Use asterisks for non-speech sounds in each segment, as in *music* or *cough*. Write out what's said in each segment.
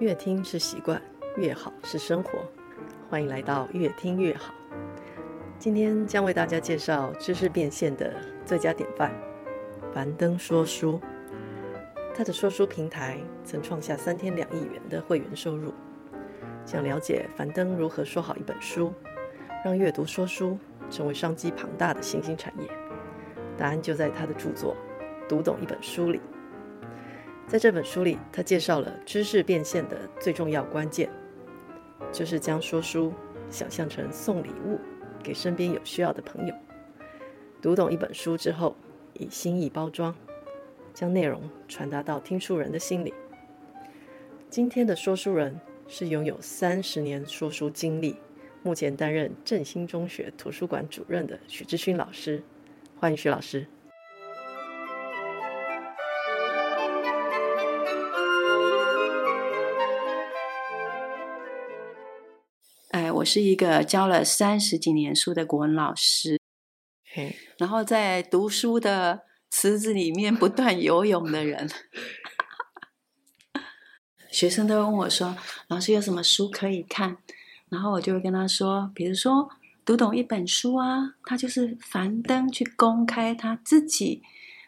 越聽是習慣，越好是生活。歡迎來到越聽越好。今天將為大家介紹知識變現的最佳典範——樊登說書。他的說書平台曾創下三天兩億元的會員收入。想了解樊登如何說好一本書，讓閱讀說書成為商機龐大的新興產業？答案就在他的著作《讀懂一本書》裡。在這本書裡，他介紹了知識變現的最重要關鍵，就是將說書想象成送禮物給身邊有需要的朋友。讀懂一本書之後，以心意包裝，將內容傳達到聽書人的心裡。今天的說書人是擁有三十年說書經歷，目前擔任振興中學圖書館主任的許志勳老師。歡迎許老師。我是一個教了三十幾年書的國文老師嘿，然後在讀書的池子裡面不斷游泳的人。 *laughs* 學生都問我說：“老師有什麼書可以看？”然後我就會跟他說：“比如說讀懂一本書啊，他就是樊登去公開他自己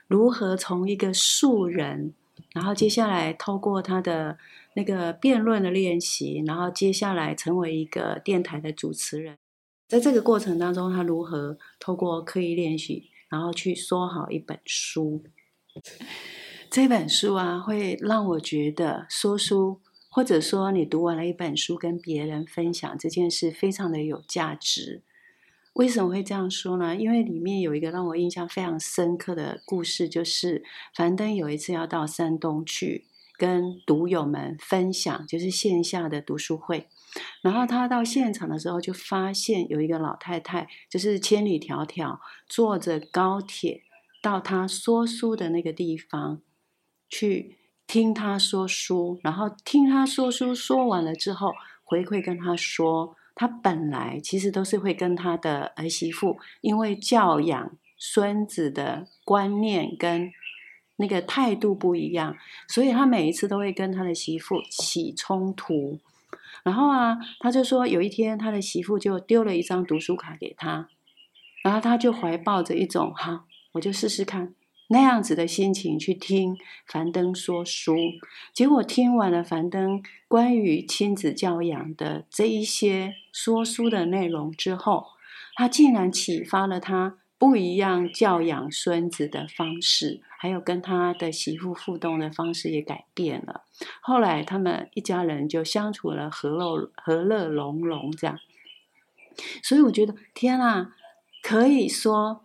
如何從一個素人，然後接下來透過他的。”那個辯論的練習，然後接下來成為一個電台的主持人，在這個過程當中，他如何透過刻意練習，然後去說好一本書？這本書啊，會讓我覺得說書，或者說你讀完了一本書，跟別人分享這件事，非常的有價值。為什麼會這樣說呢？因為裡面有一個讓我印象非常深刻的故事，就是樊登有一次要到山東去。跟讀友們分享，就是線下的讀書會。然後他到現場的時候，就發現有一個老太太，就是千里迢迢坐着高鐵到他說書的那個地方去聽他說書。然後聽他說書說完了之後，回饋跟他說，他本來其實都是會跟他的兒媳婦，因為教養孫子的觀念跟。那個態度不一樣，所以他每一次都會跟他的媳婦起衝突。然後啊，他就說有一天，他的媳婦就丟了一張讀書卡給他，然後他就懷抱着一種“哈，我就試試看”那樣子的心情去聽樊登說書。結果聽完了樊登關於親子教養的這一些說書的內容之後，他竟然啟發了他。不一樣教養孫子的方式，還有跟他的媳婦互動的方式也改變了。後來他們一家人就相處了和，和樂和樂融融這樣。所以我覺得，天啊，可以說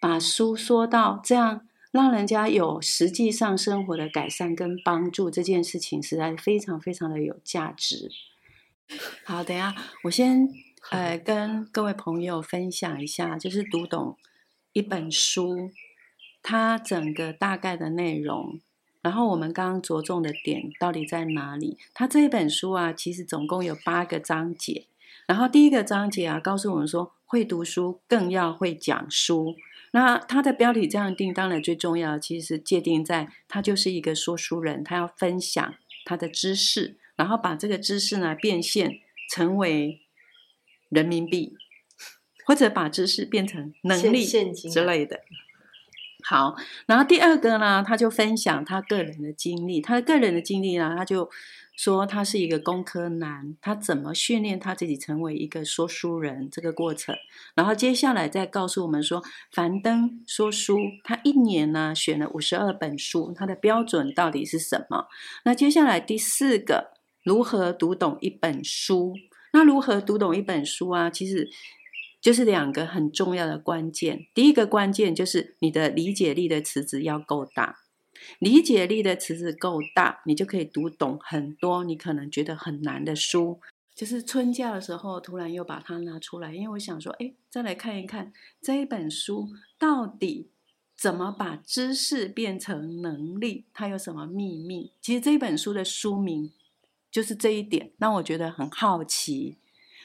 把書說到這樣，讓人家有實際上生活的改善跟幫助，這件事情實在非常非常的有價值。好，等下，我先。呃，跟各位朋友分享一下，就是讀懂一本書，它整個大概的內容，然後我們剛剛着重的點到底在哪裡？它這一本書啊，其實總共有八個章節，然後第一個章節啊，告訴我們說，會讀書更要會講書。那它的標題這樣定，當然最重要其實是界定在，他就是一個說書人，他要分享他的知識，然後把這個知識呢變現成為。人民幣，或者，把知識變成能力之類的。現現金。好，然後第二個呢，他就分享他個人的經歷，他個人的經歷呢，他就說他是一個工科男，他怎麼訓練他自己成為一個說書人這個過程。然後接下來再告訴我們說，樊登說書，他一年呢選了五十二本書，他的標準到底是什麼？那接下來第四個，如何讀懂一本書？那如何讀懂一本書啊？其實就是兩個很重要的關鍵。第一個關鍵就是你的理解力的池子要夠大，理解力的池子夠大，你就可以讀懂很多你可能覺得很難的書。就是春假的時候，突然又把它拿出來，因為我想說，誒，再來看一看這一本書到底怎麼把知識變成能力，它有什麼秘密？其實這一本書的書名。就是這一點讓我覺得很好奇，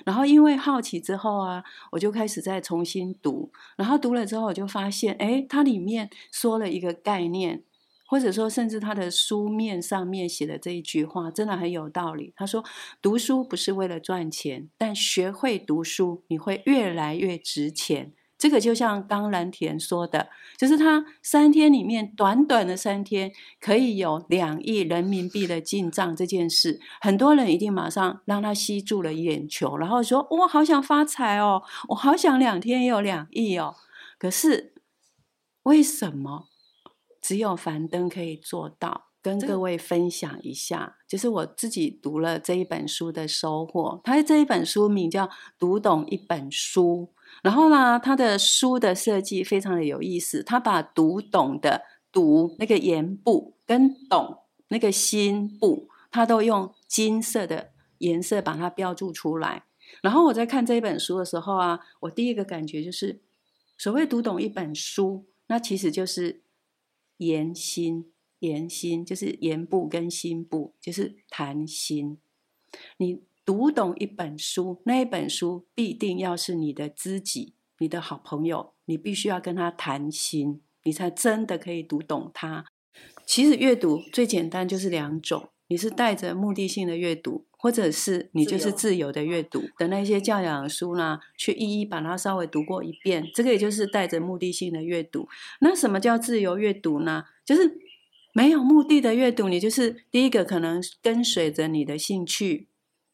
然後因為好奇之後啊，我就開始再重新讀，然後讀了之後我就發現，哎，它裡面說了一個概念，或者說甚至它的書面上面寫的這一句話真的很有道理。他說，讀書不是為了賺錢，但學會讀書，你會越來越值錢。這個就像剛蘭田說的，就是他三天裡面短短的三天可以有兩億人民幣的進賬這件事，很多人一定馬上讓他吸住了眼球，然後說：“我、哦、好想發財哦，我好想兩天也有兩億哦。”可是為什麼只有樊登可以做到？跟各位分享一下，就是我自己讀了這一本書的收穫。他這一本書名叫《讀懂一本書》。然後呢，他的書的設計非常的有意思。他把讀懂的“讀”那個言部跟“懂”那個心部，他都用金色的顏色把它標註出來。然後我在看這一本書的時候啊，我第一個感覺就是，所謂讀懂一本書，那其實就是言心言心，就是言部跟心部，就是談心。你。讀懂一本書，那一本書必定要是你的知己，你的好朋友，你必須要跟他談心，你才真的可以讀懂他。其實閱讀最簡單就是兩種：你是帶着目的性的閱讀，或者是你就是自由的閱讀。等那些教養書呢，去一一把它稍微讀過一遍，這個也就是帶着目的性的閱讀。那什麼叫自由閱讀呢？就是沒有目的的閱讀，你就是第一個可能跟隨着你的興趣。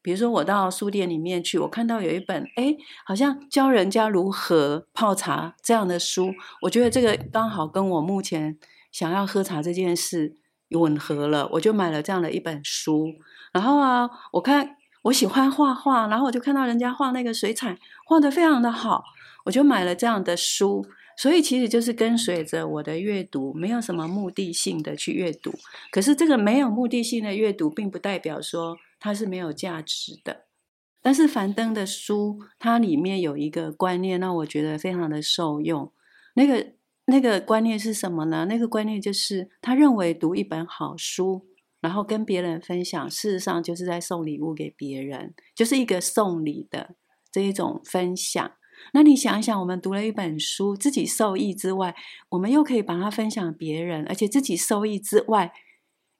比如說，我到書店裡面去，我看到有一本，誒，好像教人家如何泡茶這樣的書，我覺得這個剛好跟我目前想要喝茶這件事吻合了，我就買了這樣的一本書。然後啊，我看我喜歡畫畫，然後我就看到人家畫那個水彩畫得非常的好，我就買了這樣的書。所以其實就是跟隨着我的閱讀，沒有什麼目的性的去閱讀。可是這個沒有目的性的閱讀，並不代表說。它是沒有價值的，但是樊登的書它裡面有一個觀念，讓我覺得非常的受用。那個那個觀念是什麼呢？那個觀念就是他認為讀一本好書，然後跟別人分享，事實上就是在送禮物給別人，就是一個送禮的這一種分享。那你想一想，我們讀了一本書，自己受益之外，我們又可以把它分享別人，而且自己受益之外。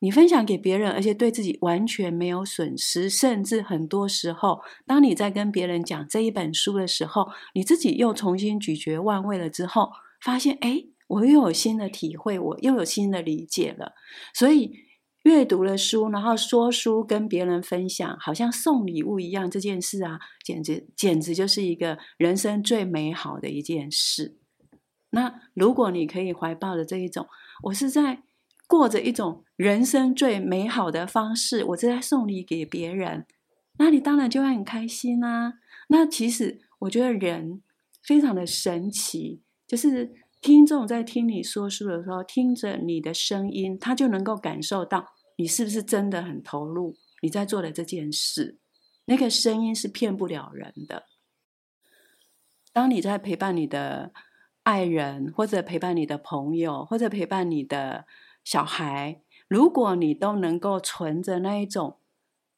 你分享給別人，而且對自己完全沒有損失，甚至很多時候，當你在跟別人講這一本書的時候，你自己又重新咀嚼玩味了之後，發現哎，我又有新的體會，我又有新的理解了。所以閱讀了書，然後說書跟別人分享，好像送禮物一樣，這件事啊，簡直簡直就是一個人生最美好的一件事。那如果你可以懷抱的這一種，我是在。過着一種人生最美好的方式，我正在送禮給別人，那你當然就會很開心啦、啊。那其實我覺得人非常的神奇，就是聽眾在聽你說書的時候，聽着你的聲音，他就能夠感受到你是不是真的很投入，你在做的這件事。那個聲音是騙不了人的。當你在陪伴你的愛人，或者陪伴你的朋友，或者陪伴你的。小孩，如果你都能夠存着那一種，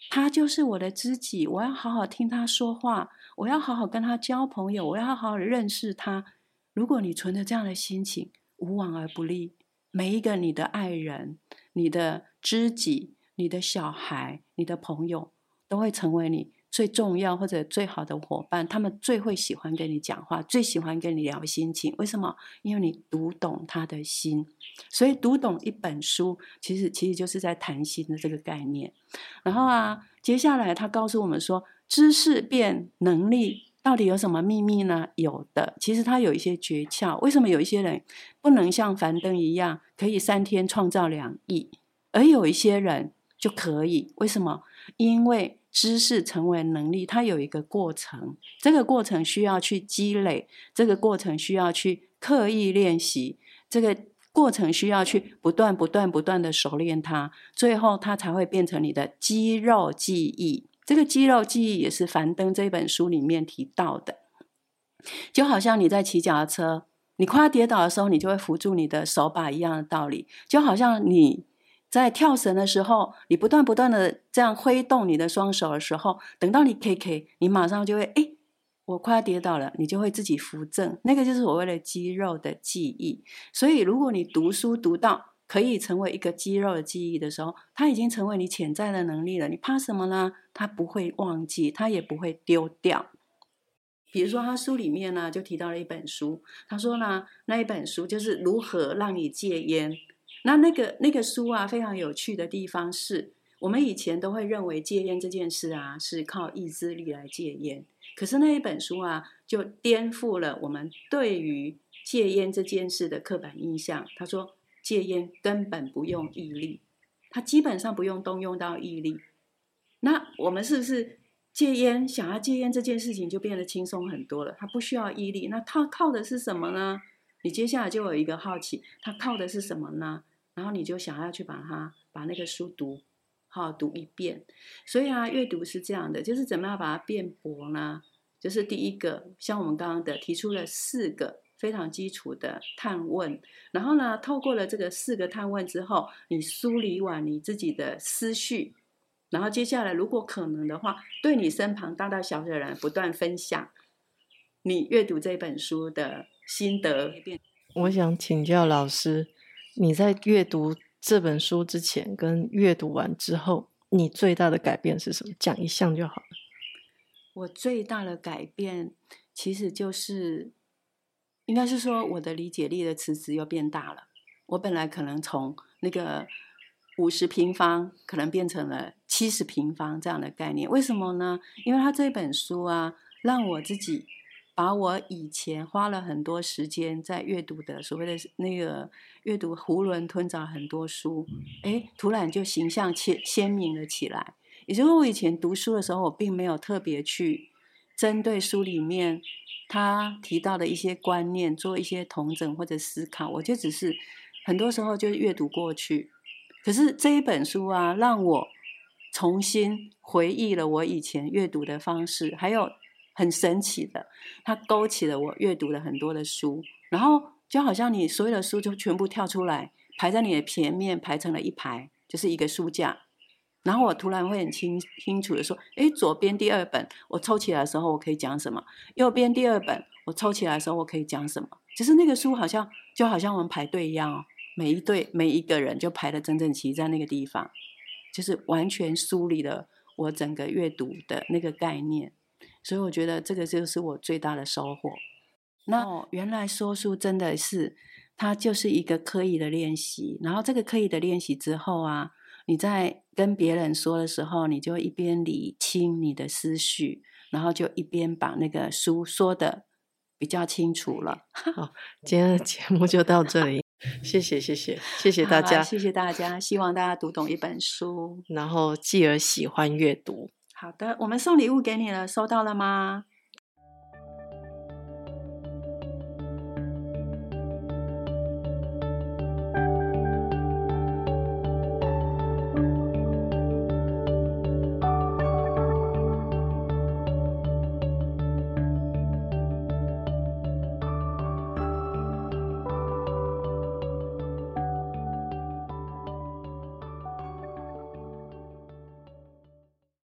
他就是我的知己，我要好好聽他說話，我要好好跟他交朋友，我要好好認識他。如果你存着這樣的心情，無往而不利，每一個你的愛人，你的知己，你的小孩，你的朋友，都會成為你，最重要或者最好的夥伴，他們最會喜歡跟你講話，最喜歡跟你聊心情。為什麼？因為你讀懂他的心，所以讀懂一本書，其實其實就是在談心的這個概念。然後啊，接下來他告訴我們說，知識變能力到底有什麼秘密呢？有的，其實他有一些訣竅。為什麼有一些人不能像樊登一樣，可以三天創造兩億，而有一些人就可以？為什麼？因為知識成為能力，它有一個過程。這個過程需要去積累，這個過程需要去刻意練習，這個過程需要去不斷、不斷、不斷的熟練它，最後它才會變成你的肌肉記憶。這個肌肉記憶也是樊登這本書裡面提到的，就好像你在騎腳車，你快要跌倒的時候，你就會扶住你的手把一樣的道理。就好像你。在跳繩的時候，你不斷不斷的這樣揮動你的雙手的時候，等到你 K K，你馬上就會哎，我快要跌倒了，你就會自己扶正。那個就是所謂的肌肉的記憶。所以，如果你讀書讀到可以成為一個肌肉的記憶的時候，它已經成為你潛在的能力了。你怕什麼呢？它不會忘記，它也不會丟掉。比如說，他書裡面呢、啊、就提到了一本書，他說呢那一本書就是如何讓你戒菸。那那個那個書啊，非常有趣的地方是我們以前都會認為戒菸這件事啊是靠意志力來戒菸，可是那一本書啊就顛覆了我們對於戒菸這件事的刻板印象。他說戒菸根本不用毅力，他基本上不用動用到毅力。那我們是不是戒菸，想要戒菸這件事情就變得輕鬆很多了？他不需要毅力，那他靠，靠的是什麼呢？你接下來就有一個好奇，他靠的是什麼呢？然後你就想要去把它把那個書讀好讀一遍，所以啊，閱讀是這樣的，就是怎麼樣把它變薄呢？就是第一個，像我們剛剛的提出了四個非常基礎的探問，然後呢，透過了這個四個探問之後，你梳理完你自己的思緒，然後接下來如果可能的話，對你身旁大大小小的人不斷分享你閱讀這本書的心得。我想請教老師。你在閱讀這本書之前跟閱讀完之後，你最大的改變是什麼？講一項就好了。我最大的改變其實就是，應該是說我的理解力的池子又變大了。我本來可能從那個五十平方，可能變成了七十平方這樣的概念。為什麼呢？因為他這本書啊，讓我自己。把我以前花了很多時間在閱讀的所謂的那個閱讀囫圇吞棗很多書，哎、欸，突然就形象切鮮明了起來。也就是我以前讀書的時候，我並沒有特別去針對書裡面他提到的一些觀念做一些統整或者思考，我就只是很多時候就閱讀過去。可是這一本書啊，讓我重新回憶了我以前閱讀的方式，還有。很神奇的，它勾起了我閱讀了很多的書，然後就好像你所有的書就全部跳出來，排在你的前面，排成了一排，就是一個書架。然後我突然會很清清楚的說：“哎，左邊第二本，我抽起來的時候我可以講什麼？右邊第二本，我抽起來的時候我可以講什麼？”就是那個書好像就好像我們排隊一樣哦，每一隊每一個人就排得整整齊齊在那個地方，就是完全梳理了我整個閱讀的那個概念。所以我覺得這個就是我最大的收穫。那原來說書真的是，它就是一個刻意的練習。然後這個刻意的練習之後啊，你在跟別人說的時候，你就一邊理清你的思緒，然後就一邊把那個書說的比較清楚了。好，今天的節目就到這裡， *laughs* 謝謝謝謝謝謝大家，謝謝大家，希望大家讀懂一本書，然後繼而喜歡閱讀。好的，我們送禮物給你了，收到了嗎？